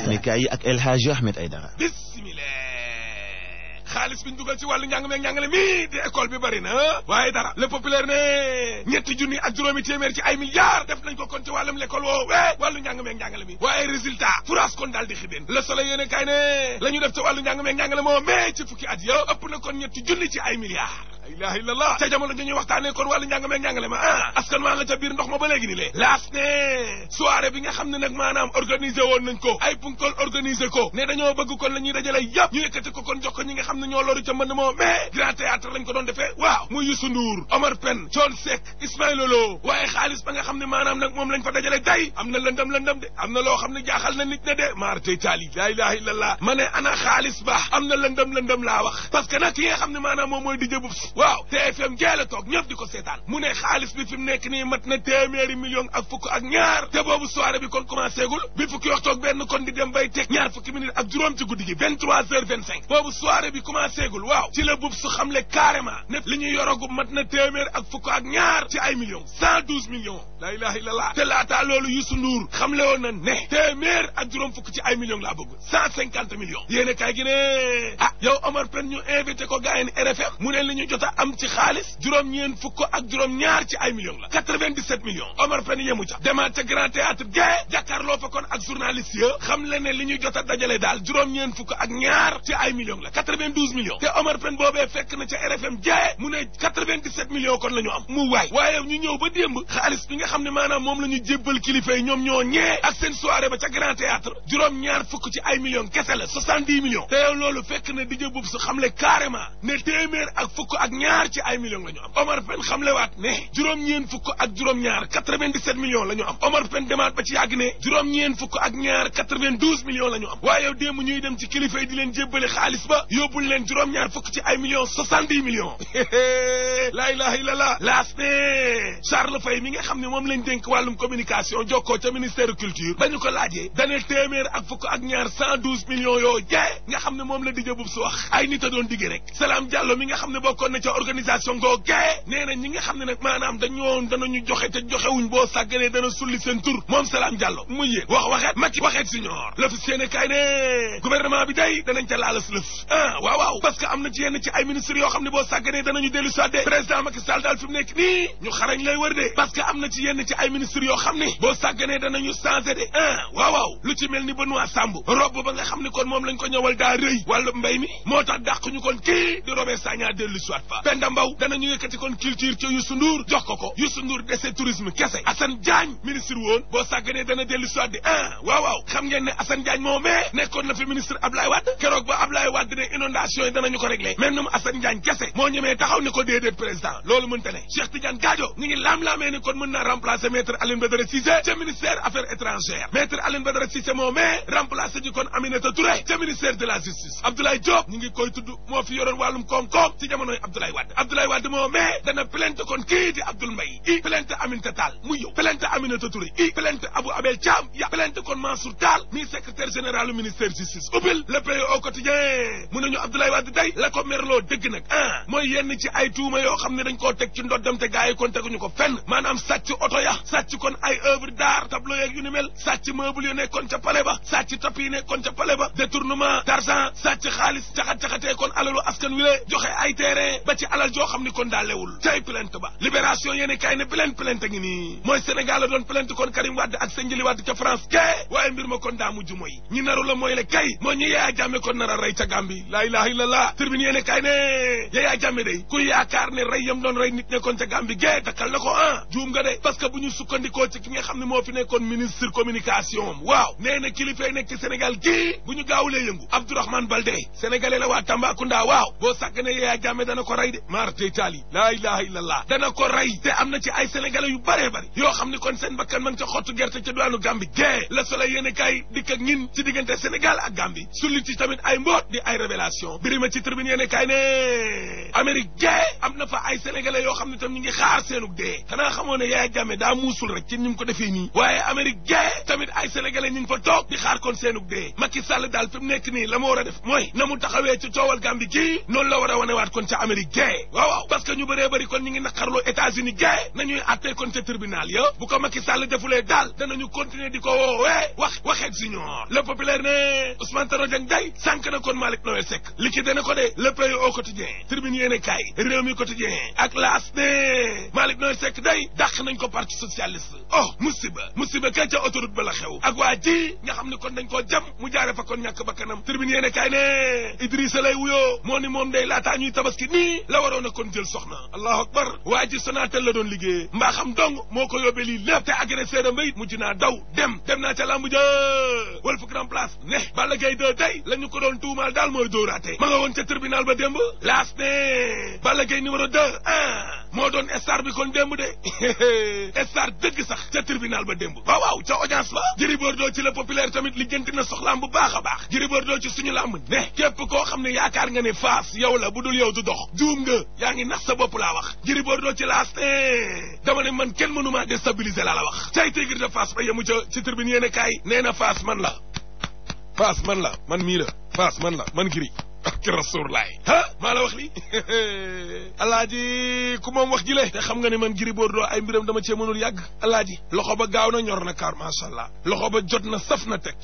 yéenekaay yi ak El Hadji Ahmed Aïdara xaalis bi ñu dugal ci wàllu njàng meeg njàngale mi di école bi bari na waaye dara le populaire ne ñetti junni ak juróomi téeméer ci ay milliards def nañ ko kon ci wàllum l'école woowee wàllu njàng meeg njàngale mi waaye résultat furaas kon daal di xideen le soleil yéene kaay ne la ñu def ci wàllu njàng mee njàngale moo mais ci fukki at yow ëpp na kon ñetti junni ci ay milliards la ilaha illallah ca jamono dañuy waxtaane kon wàllu njàng meeg njàngale ma ah askan waa nga ca ba léegi ni lee maanaam organiser woon nañ ko ay punkol organiser ko ne dañoo bëgg kon la ñuy dajale yëpp ñu yëkkati ko kon jox ko ne ñoo loru ca mbënd moo mais grand théâtre lañ ko doon xam ne maanaam nag moom lañ fa dajale day am na lëndëm lëndëm de am na loo xam ne jaaxal na nit ne de maarte taali la ilaha illallah ma ne ana xaalis ba am na lëndëm lëndëm laa wax parce que nag ki nga xam ne maanaam moom mooy DJ Boubs waaw TFM gee la toog ñëpp di ko seetaan mu ne xaalis bi fi mu nekk nii mat na téeméeri million ak fukk ak ñaar te boobu soirée bi kon commencé gul bi fukki waxtu ak benn kon di dem bay teg ñaar fukki minutes ak juróom ci guddi gi vingt-trois boobu soirée bi commencé waaw ci la bub su xamle carrément ne li ñuy yorogu mat na téeméer ak fukk ak ñaar ci ay millions cent douze millions la ilaha illallah te laataa loolu Youssou Ndour xamle woon na ne téeméer ak juróom fukk ci ay millions laa bëgg cent cinquante millions yéene kaay gi ah, ko gaayeen ñu jot Toyota am ci xaalis juróom-ñeen fukk ak juróom-ñaar ci ay millions la 97 millions Omar Pène yemu ca demaat ca Grand Théâtre gae jàkkaarloo fa kon ak journaliste ya xam le ne li ñu jot a dajale daal juróom-ñeen fukk ak ñaar ci ay millions la 92 te Omar Pène boobee fekk na ca RFM gae mu ne 97 kon la ñu am mu waay waaye ñu ñëw ba démb xaalis bi nga xam ne maanaam moom la ñu jébbal kilifa yi ñoom ñoo ñee ak seen soirée ba ca Grand Théâtre juróom-ñaar fukk ci ay millions kese fekk na DJ Boubs xam le carrément ne fukk ak ak ñaar ci ay millions la ñu am Omar Pène xamlewaat ne juróom-ñeen fukk ak juróom-ñaar 97 millions la ñu am Omar Pène demaat ba ci yàgg ne juróom-ñeen fukk ak ñaar 92 millions la ñu am waaye yow ñuy dem ci kilifa i di leen jébbale xaalis ba yóbbul leen juróom-ñaar fukk ci ay millions 70 millions la ilaha illallah laas Charles Faye mi nga xam ne moom lañ dénk wàllum communication jokkoo ca ministère culture ba ñu ko laajee dane téeméer ak fukk ak ñaar cent yoo jee nga xam ne moom la dijë bub su wax ay nit a doon digge rek Salam Diallo mi nga xam ne bokkoon na ca organisation googee nee na ñi nga xam ne nag maanaam dañoo danañu joxe te joxewuñ boo sàgganee dana sulli seen tur moom Salam Diallo mu yéen wax waxet Macky waxet siñor l'officier ne kay ne gouvernement wër de parce que am na ci yenn ci ay ministre yoo xam ni boo sàgganee danañu changé de ah waaw waaw lu ci mel ni Benoît Sambou robb ba nga xam ni kon moom lañ ko ñëwal daa rëy wàllu mbay mi moo tax dàq ñu kon kii di Robert Sagna dellu soit fa Penda Mbow danañu yëkkati kon culture ca Youssou Ndour jox ko ko Youssou Ndour dese tourisme kese Assane Diagne ministre woon boo sàgganee dana dellu soit de ah waaw waaw xam ngeen ne Assane Diagne moo mee nekkoon na fi ministre ko réglé même nom Assane Diagne kese moo ñemee taxaw ni ko laam-laamee ni kon mën naa remplacer maître Alioune Badara Cissé ca ministère affaires étrangères maître Alioune Badara Cissé moo mais remplacer ji kon Aminata Touré ca ministère de la justice Abdoulaye Diop ñu koy tudd moo fi yoroon wàllum koom-koom ci jamonoy Abdoulaye Wade Abdoulaye Wade moo mais dana plainte kon kii di Abdoul i plainte Aminata Tall mu yow plainte Aminata Touré i plainte Abou Abel Thiam ya plainte kon Mansour Tall mi secrétaire général du justice ubbil ah, yoo xam ne dañ koo teg ci ko fenn maanaam sàcc oto ya sàcc kon ay œuvre d'art tableau yeeg yu ni mel sàcc meuble yu kon ca pale ba sàcc tapis yi nekkoon ca pale ba détournement d'argent sàcc xaalis caxat-caxatee kon alalu askan wi joxe ay terrain ba ci alal joo xam ni kon daalewul tey plainte ba libération yéene kay ne plainte plainte ngi nii mooy Sénégal la doon plainte kon Karim Wade ak Sengeli Wade ca France ke waaye mbir ma kon daa mujj mooy ñi naru la mooy le kay moo ñu Yaya Jammeh kon a rey ca Gambie laa ilaha illallah tribune yéene kay ne Yaya Jammeh day ko ah juum nga de parce que bu ñu sukkandikoo ci ki nga xam ne moo fi nekkoon ministre communication am waaw nee na kilifay nekk ci Sénégal gii bu ñu gaawulee yëngu Abdourahmane Baldé sénégalais la waa Tambacounda waaw boo sàgg ne Yaya Jammeh dana ko rey de marte itali laa ilaha illallah dana ko rey te am na ci ay sénégalais yu bëree bëri yoo xam ni kon seen bakkan man ca xottu gerte ca duwaanu Gambie gée la Soleil yéen kay dikk ak ñin ci diggante Sénégal ak Gambie sulli ci tamit ay mboot di ay révélation birima ci tribune yéen kay ne Amérique am na fa ay sénégalais yoo xam ne tam ñu ngi xaar seenug de xanaa xamoo ne Yaya Jammeh daa muusul rek ci ñu ngi ko defee nii waaye Amérique gee tamit ay sénégalais ñu fa toog di xaar kon seenug dee Macky Sall daal fi nekk nii la ma war a def mooy na mu taxawee ci coowal Gambie gii noonu la war a wanewaat kon ca Amérique gee waaw waaw parce que ñu bëree bëri kon ñu ngi naqarloo États-Unis gee nañuy àttee kon ca tribunal ya bu ko Macky Sall defulee daal danañu continuer di ko woowee wax waxeeg junior le populaire ne Ousmane Tanor Dieng Seck day dàq nañ ko parti socialiste oh musiba musiba ka ca autoroute ba la xew ak waa ji xam ne kon dañ koo jam mu jaare fa kon ñàkk ba kanam tribune yéene kaay ne Idrissa lay wuyoo moo ni moom day laataa ñuy tabaski nii la waroon a kon jël soxna allahu akbar waa ji Sonatel la doon liggéeye mbaa xam dong moo ko yóbbee lii lépp te agressé da mbay mujj naa daw dem dem naa ca lambu ja Walf Grand Place ne Balla Gaye 2 day la ñu ko doon tuumaal daal mooy dóoraate ma nga woon ba démb laas ne Balla Gaye numéro 2 1 moo doon star bi démb de star dëgg sax ca tribunal ba démb waaw waaw ca audience ba Gris doo ci la populaire tamit li jënti na soxlaam bu baax a baax Gris doo ci suñu làmb ne képp koo xam ne yaakaar nga ne faas yow la bu dul yow du dox juum nga yaa ngi nax sa bopp laa wax Gris Bordeaux ci laas dama ne man kenn mënu mënuma déstabiliser laa la wax cay tigre de faas ba yemu ca ci tribune yéen kaay nee na faas man la faas man la man mii la faas man la man Gris barke rasuulaay ah maa la wax li alaaji ku moom wax ji le te xam nga ne man Gris Bordeaux ay mbiram dama cee mënul yàgg alaaji loxo ba gaaw na ñor na kaar macha allah loxo ba jot na saf na